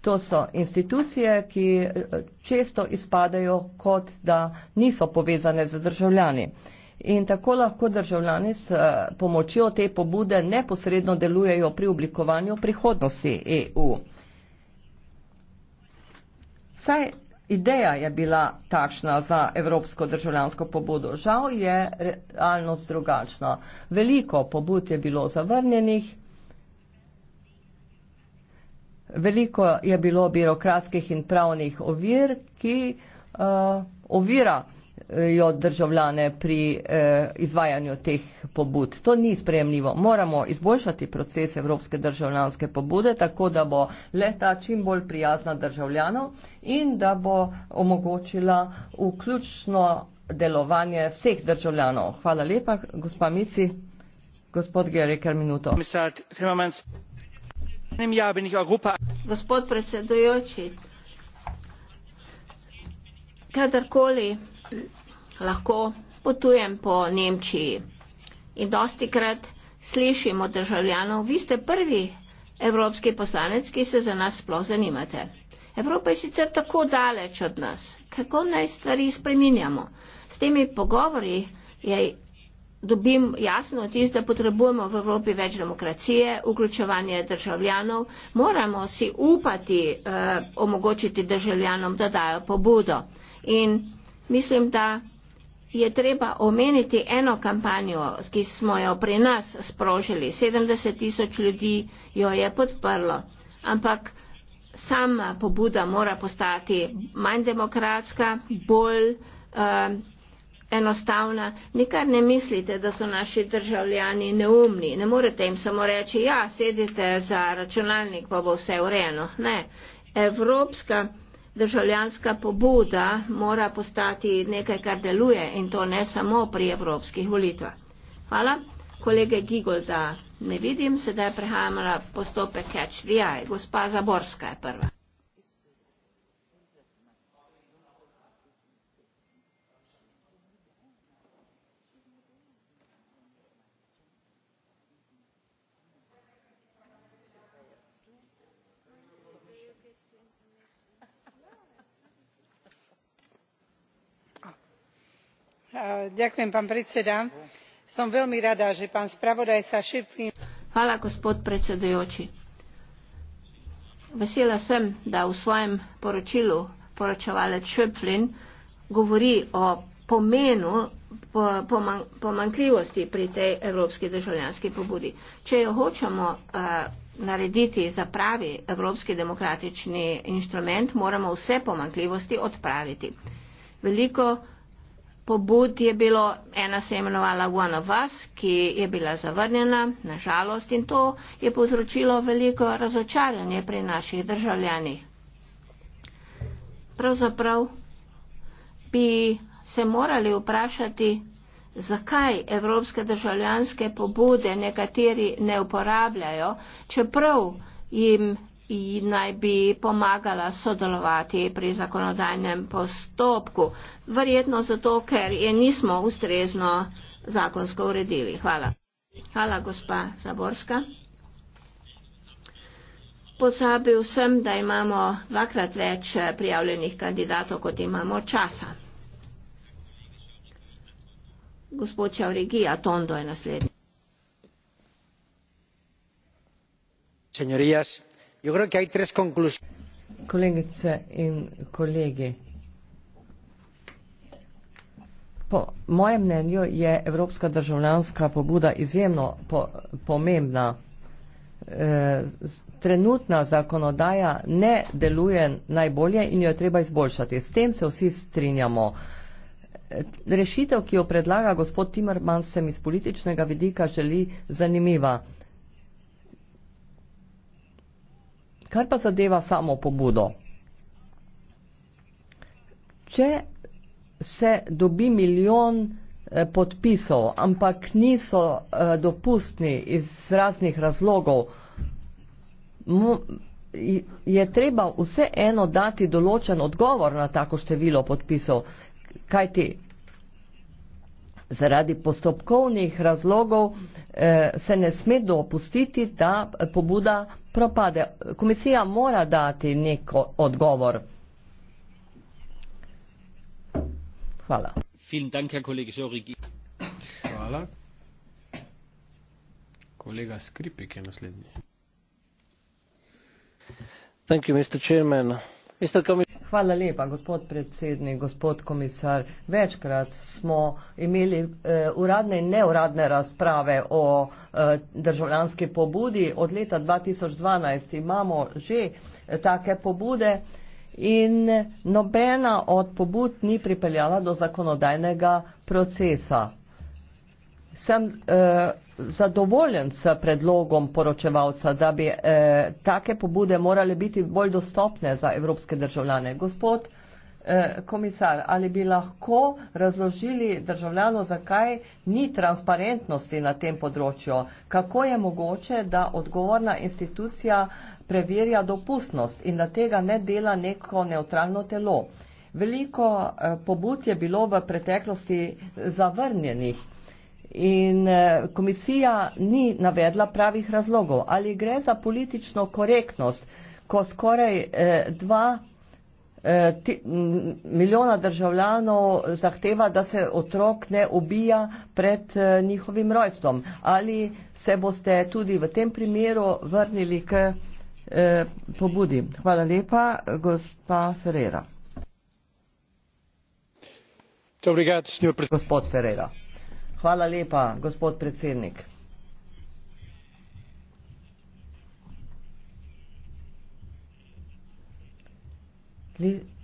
To so institucije, ki eh, često izpadajo kot da niso povezane z državljani. In tako lahko državljani s eh, pomočjo te pobude neposredno delujejo pri oblikovanju prihodnosti EU. Vsaj ideja je bila takšna za evropsko državljansko pobudo. Žal je realnost drugačna. Veliko pobud je bilo zavrnjenih, veliko je bilo birokratskih in pravnih ovir, ki uh, ovira jo državljane pri eh, izvajanju teh pobud. To ni sprejemljivo. Moramo izboljšati proces evropske državljanske pobude, tako da bo leta čim bolj prijazna državljanov in da bo omogočila vključno delovanje vseh državljanov. Hvala lepa, gospa Mici. Gospod Gereker, minuto. Ja Gospod predsedujoči, kadarkoli lahko potujem po Nemčiji. In dosti krat slišimo državljanov, vi ste prvi evropski poslanec, ki se za nas sploh zanimate. Evropa je sicer tako daleč od nas, kako naj stvari spreminjamo. S temi pogovori je, dobim jasno tist, da potrebujemo v Evropi več demokracije, vključevanje državljanov, moramo si upati eh, omogočiti državljanom, da dajo pobudo. In Mislim, da je treba omeniti eno kampanjo, ki smo jo pri nas sprožili. 70 tisoč ljudi jo je podprlo, ampak sama pobuda mora postati manj demokratska, bolj uh, enostavna. Nikar ne mislite, da so naši državljani neumni. Ne morete jim samo reči, ja, sedite za računalnik, pa bo vse urejeno. Ne. Evropska državljanska pobuda mora postati nekaj, kar deluje in to ne samo pri evropskih volitvah. Hvala. Kolege Gigolda ne vidim, sedaj prehajamo na postopek Catch the Eye. Gospa Zaborska je prva. som veľmi rada že pán spravodajca schpflin vesela sem da v svojem poročilu poročevalec schpflin govori o pomenu pomanjkljivosti pri tej evropski državljanski pobudi če jo hočemo eh, narediti za pravi evropski demokratični inštrument moramo vse pomanjkljivosti odpraviti veliko pobud je bilo, ena se je imenovala One of Us, ki je bila zavrnjena, nažalost, in to je povzročilo veliko razočaranje pri naših državljanih. Pravzaprav bi se morali vprašati, zakaj evropske državljanske pobude nekateri ne uporabljajo, čeprav jim naj bi pomagala sodelovati pri zakonodajnem postopku. Verjetno zato, ker je nismo ustrezno zakonsko uredili. Hvala. Hvala, gospa Zaborska. Pozabil sem, da imamo dvakrat več prijavljenih kandidatov, kot imamo časa. Gospod Čaurigi, Atondo je naslednji. Senjorijas, Yo creo que hay tres conclusiones. Po mojem mnenju je evropska državljanska pobuda izjemno po, pomembna. E, trenutna zakonodaja ne deluje najbolje in jo je treba izboljšati. S tem se vsi strinjamo. E, rešitev, ki jo predlaga gospod Timmermans, se mi z političnega vidika želi zanimiva. Kar pa zadeva samo pobudo. Če se dobi milijon eh, podpisov, ampak niso eh, dopustni iz raznih razlogov, je treba vse eno dati določen odgovor na tako število podpisov. Kaj ti? zaradi postopkovnih razlogov eh, se ne sme dopustiti, da pobuda propade. Komisija mora dati nek odgovor. Hvala. Hvala. Kolega Skripik je naslednji. Thank you, Mr. Chairman. Hvala lepa, gospod predsednik, gospod komisar. Večkrat smo imeli eh, uradne in neuradne razprave o eh, državljanski pobudi. Od leta 2012 imamo že eh, take pobude in nobena od pobud ni pripeljala do zakonodajnega procesa. Sem, eh, zadovoljen s predlogom poročevalca, da bi eh, take pobude morale biti bolj dostopne za evropske državljane. Gospod eh, komisar, ali bi lahko razložili državljano, zakaj ni transparentnosti na tem področju? Kako je mogoče, da odgovorna institucija preverja dopustnost in da tega ne dela neko neutralno telo? Veliko eh, pobud je bilo v preteklosti zavrnjenih. In eh, komisija ni navedla pravih razlogov. Ali gre za politično korektnost, ko skoraj eh, dva eh, milijona državljanov zahteva, da se otrok ne ubija pred eh, njihovim rojstvom? Ali se boste tudi v tem primeru vrnili k eh, pobudi? Hvala lepa, gospa Ferreira. Gospod Ferreira. Hvala lepa, gospod predsednik.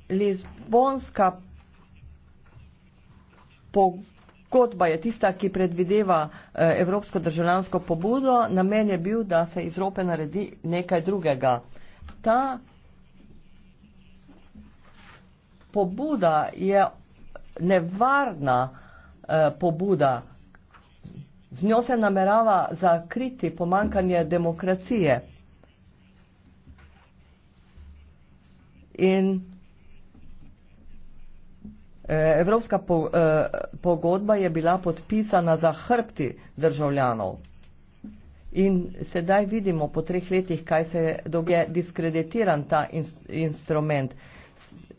Lizbonska pogodba je tista, ki predvideva eh, evropsko državljansko pobudo. Namen je bil, da se iz Evrope naredi nekaj drugega. Ta pobuda je nevarna, Eh, pobuda. Z njo se namerava zakriti pomankanje demokracije. In eh, Evropska eh, pogodba je bila podpisana za hrbti državljanov. In sedaj vidimo po treh letih, kaj se je diskreditiran ta inst instrument.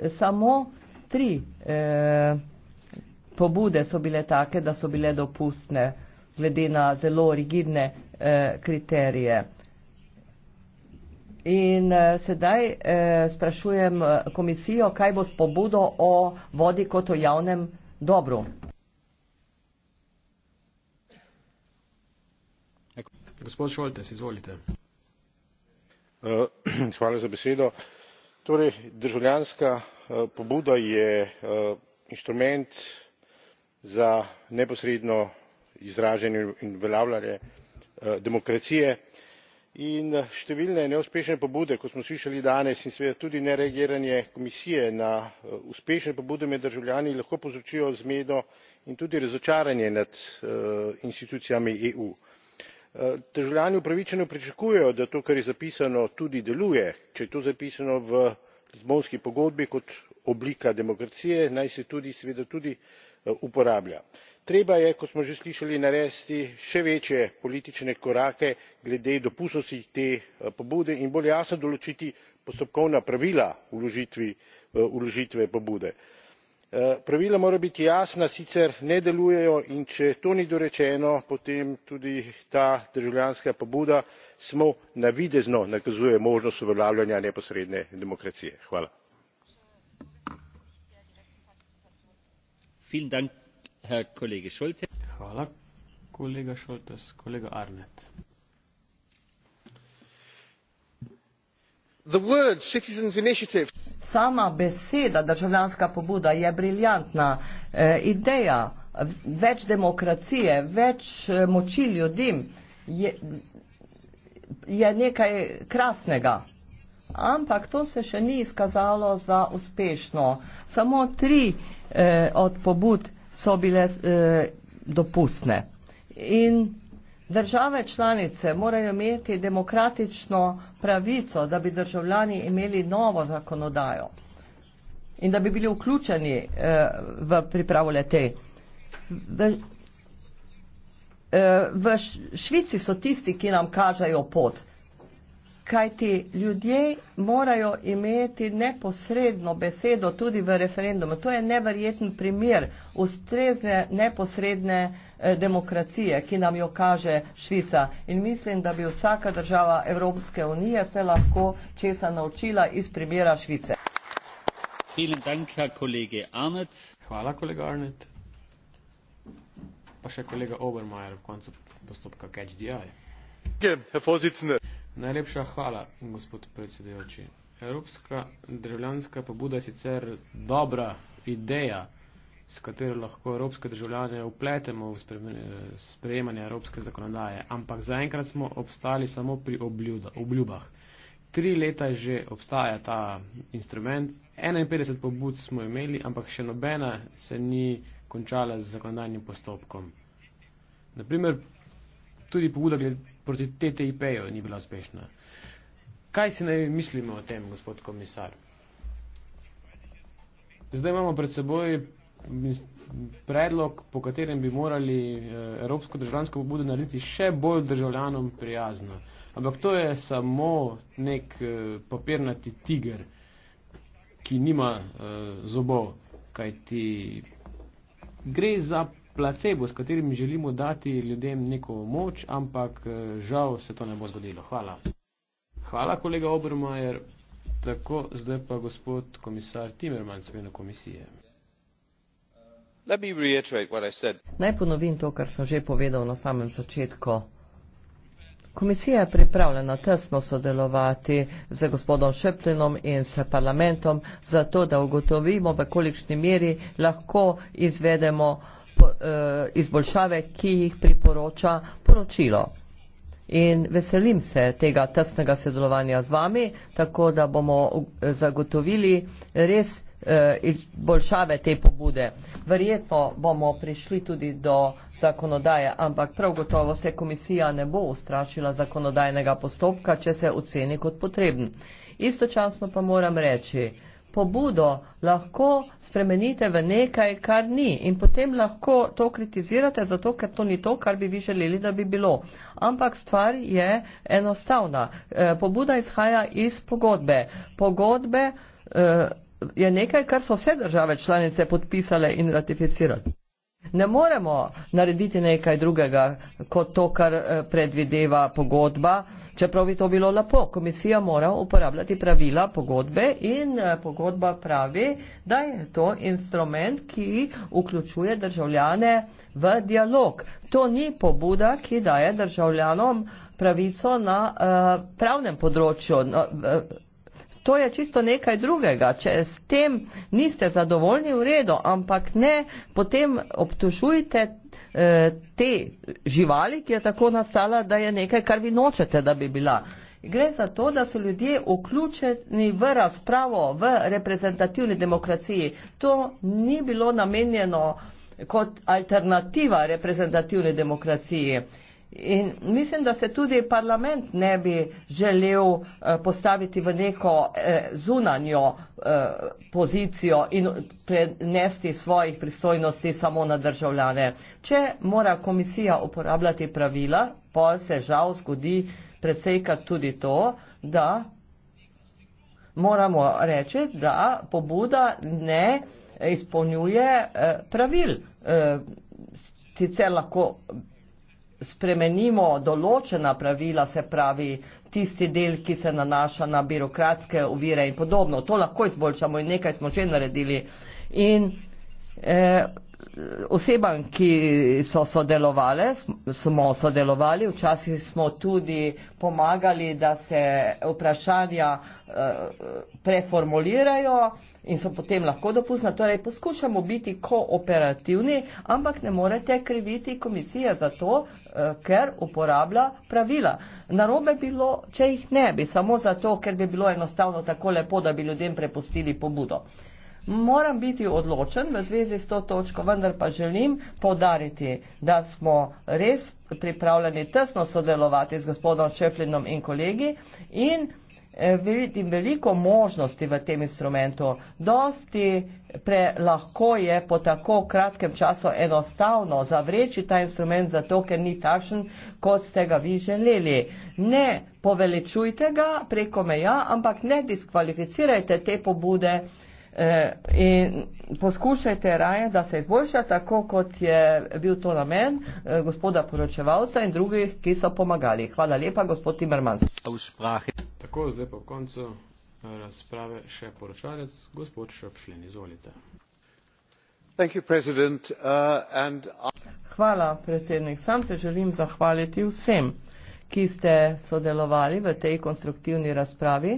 Samo tri eh, pobude so bile take, da so bile dopustne, glede na zelo rigidne eh, kriterije. In eh, sedaj eh, sprašujem eh, komisijo, kaj bo s pobudo o vodi kot o javnem dobru. Gospod Šoltes, izvolite. Eh, hvala za besedo. Torej, državljanska eh, pobuda je inštrument za neposredno izražanje in uveljavljanje eh, demokracije in eh, številne neuspešne pobude kot smo slišali danes in seveda tudi nereagiranje komisije na eh, uspešne pobude med državljani lahko povzročijo zmedo in tudi razočaranje nad institucijami eu. državljani upravičeno pričakujejo da to kar je zapisano tudi deluje če je to zapisano v lizbonski pogodbi kot oblika demokracije naj se tudi seveda tudi Eh, uporablja. treba je kot smo že slišali narediti še večje politične korake glede dopustnosti te eh, pobude in bolj jasno določiti postopkovna pravila eh, vložitve pobude. pravila morajo biti jasna sicer ne delujejo in če to ni dorečeno potem tudi ta državljanska pobuda samo navidezno nakazuje možnost uveljavljanja neposredne demokracije. Hvala, kolega Šoltes. Kolega Arnet. Sama beseda državljanska pobuda je briljantna eh, ideja. Več demokracije, več eh, moči ljudem je, je nekaj krasnega. Ampak to se še ni izkazalo za uspešno. Samo tri eh, od pobud so bile eh, dopustne. In države članice morajo imeti demokratično pravico, da bi državljani imeli novo zakonodajo in da bi bili vključeni eh, v pripravo letej. Eh, v Švici so tisti, ki nam kažejo pot kajti ljudje morajo imeti neposredno besedo tudi v referendumu. To je neverjeten primer ustrezne neposredne eh, demokracije, ki nam jo kaže Švica. In mislim, da bi vsaka država Evropske unije se lahko česa naučila iz primera Švice. Dank, Hvala, kolega Arnet. Pa še kolega Obermeier v koncu postopka Catch the Eye. Herr Vorsitzender. Najlepša hvala, gospod predsedujoči. Evropska državljanska pobuda je sicer dobra ideja, s katero lahko evropske državljane upletemo v sprejemanje evropske zakonodaje, ampak zaenkrat smo obstali samo pri obljubah. Tri leta že obstaja ta instrument, 51 pobud smo imeli, ampak še nobena se ni končala z zakonodajnim postopkom. Naprimer, tudi pobuda glede proti TTIP-ju ni bila uspešna. Kaj si naj mislimo o tem, gospod komisar? Zdaj imamo pred seboj predlog, po katerem bi morali eh, evropsko državljansko pobudo narediti še bolj državljanom prijazno. Ampak to je samo nek eh, papirnati tiger, ki nima eh, zobov, kajti gre za placebo, s katerim želimo dati ljudem neko moč, ampak eh, žal se to ne bo zgodilo. Hvala. Hvala, kolega Obermajer. Tako, zdaj pa gospod komisar Timerman, svojeno komisije. Naj ponovim to, kar sem že povedal na samem začetku. Komisija je pripravljena tesno sodelovati z gospodom Šeplinom in s parlamentom, zato da ugotovimo, v kolikšni meri lahko izvedemo Eh, izboljšave, ki jih priporoča poročilo. In veselim se tega tesnega sodelovanja z vami, tako da bomo eh, zagotovili res eh, izboljšave te pobude. Verjetno bomo prišli tudi do zakonodaje, ampak prav gotovo se komisija ne bo ustrašila zakonodajnega postopka, če se oceni kot potreben. Istočasno pa moram reči, pobudo lahko spremenite v nekaj, kar ni in potem lahko to kritizirate, zato ker to ni to, kar bi vi želeli, da bi bilo. Ampak stvar je enostavna. E, pobuda izhaja iz pogodbe. Pogodbe e, je nekaj, kar so vse države članice podpisale in ratificirale. Ne moremo narediti nekaj drugega, kot to, kar e, predvideva pogodba čeprav bi to bilo lepo. Komisija mora uporabljati pravila pogodbe in eh, pogodba pravi, da je to instrument, ki vključuje državljane v dialog. To ni pobuda, ki daje državljanom pravico na uh, pravnem področju. Na, no, uh, eh, To je čisto nekaj drugega. Če s tem niste zadovoljni, v redu, ampak ne, potem obtožujte E, te živali, ki je tako nastala, da je nekaj, kar vi nočete, da bi bila. Gre za to, da so ljudje vključeni v razpravo, v reprezentativni demokraciji. To ni bilo namenjeno kot alternativa reprezentativni demokraciji. Uh, In mislim, da se tudi parlament ne bi želel eh, postaviti v neko eh, zunanjo eh, pozicijo in prenesti svojih pristojnosti samo na državljane. Če mora komisija uporabljati pravila, pa se žal zgodi predsejkati tudi to, da moramo reči, da pobuda ne izpolnjuje pravil. Sicer lahko spremenimo določena pravila, se pravi tisti del, ki se nanaša na birokratske ovire in podobno. To lahko izboljšamo in nekaj smo že naredili. In, eh, osebam, ki so sodelovali, smo sodelovali, včasih smo tudi pomagali, da se vprašanja eh, preformulirajo in so potem lahko dopustna. Torej, poskušamo biti kooperativni, ampak ne morete kriviti komisije za to, eh, ker uporablja pravila. Narobe bilo, če jih ne bi, samo zato, ker bi bilo enostavno tako lepo, da bi ljudem prepustili pobudo moram biti odločen v zvezi s to točko, vendar pa želim podariti, da smo res pripravljeni tesno sodelovati z gospodom Čeflinom in kolegi in eh, vidim veliko možnosti v tem instrumentu. Dosti prelahko je po tako kratkem času enostavno zavreči ta instrument zato, ker ni takšen, kot ste ga vi želeli. Ne poveličujte ga preko meja, ampak ne diskvalificirajte te pobude. E, in poskušajte raje, da se izboljša tako, kot je bil to namen e, gospoda poročevalca in drugih, ki so pomagali. Hvala lepa, gospod Timmermans. Tako, zdaj pa v koncu e, razprave še poročalec, gospod Šopšlen, izvolite. Uh, Hvala, predsednik. Sam se želim zahvaliti vsem, ki ste sodelovali v tej konstruktivni razpravi.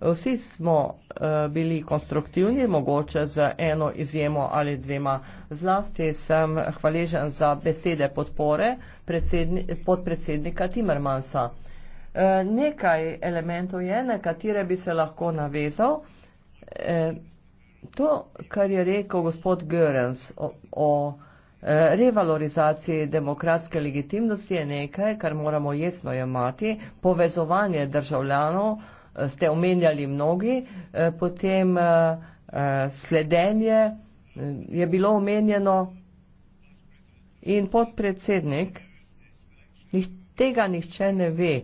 Vsi smo eh, bili konstruktivni, mogoče z eno izjemo ali dvema. Zlasti sem hvaležen za besede podpore podpredsednika Timmermansa. Eh, nekaj elementov je, na katere bi se lahko navezal. Eh, to, kar je rekel gospod Görens o revalorizaciji demokratske legitimnosti, je nekaj, kar moramo jasno jemati. Povezovanje državljanov. Eh, ste omenjali mnogi, eh, potem eh, sledenje je bilo omenjeno in podpredsednik, tega nihče ne ve.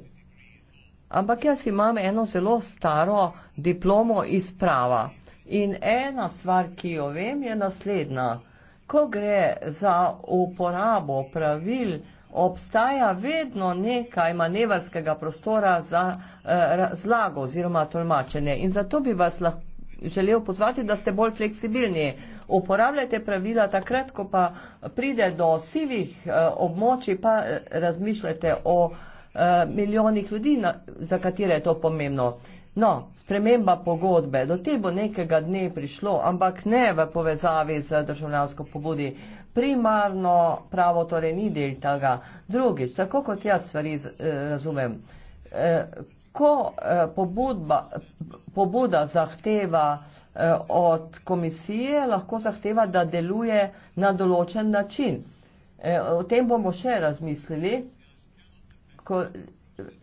Ampak jaz imam eno zelo staro diplomo iz prava in ena stvar, ki jo vem, je naslednja. Ko gre za uporabo pravil, obstaja vedno nekaj manevrskega prostora za eh, razlago oziroma tolmačenje. In zato bi vas želel pozvati, da ste bolj fleksibilni. Uporabljajte pravila takrat, ko pa pride do sivih eh, območij, pa eh, razmišljajte o eh, milijonih ljudi, na, za katere je to pomembno. No, sprememba pogodbe, do te bo nekega dne prišlo, ampak ne v povezavi z državljansko pobudi primarno pravo torej ni del tega. Drugič, tako kot jaz stvari eh, razumem, eh, ko eh, pobudba, pobuda zahteva eh, od komisije, lahko zahteva, da deluje na določen način. Eh, o tem bomo še razmislili. Ko,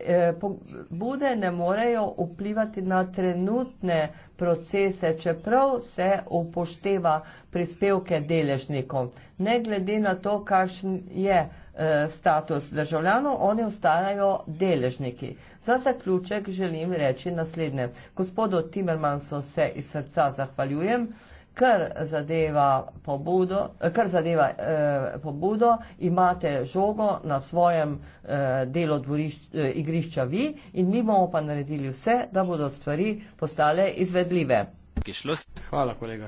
E, pobude ne morejo vplivati na trenutne procese, čeprav se upošteva prispevke deležnikov. Ne glede na to, kakšen je e, status državljanov, oni ostajajo deležniki. Za zaključek želim reči naslednje. Gospodu Timmermansu se iz srca zahvaljujem kar zadeva pobudo, eh, kar zadeva eh, pobudo, imate žogo na svojem eh, delu dvorišč, eh, igrišča vi in mi bomo pa naredili vse, da bodo stvari postale izvedljive. Hvala, kolega.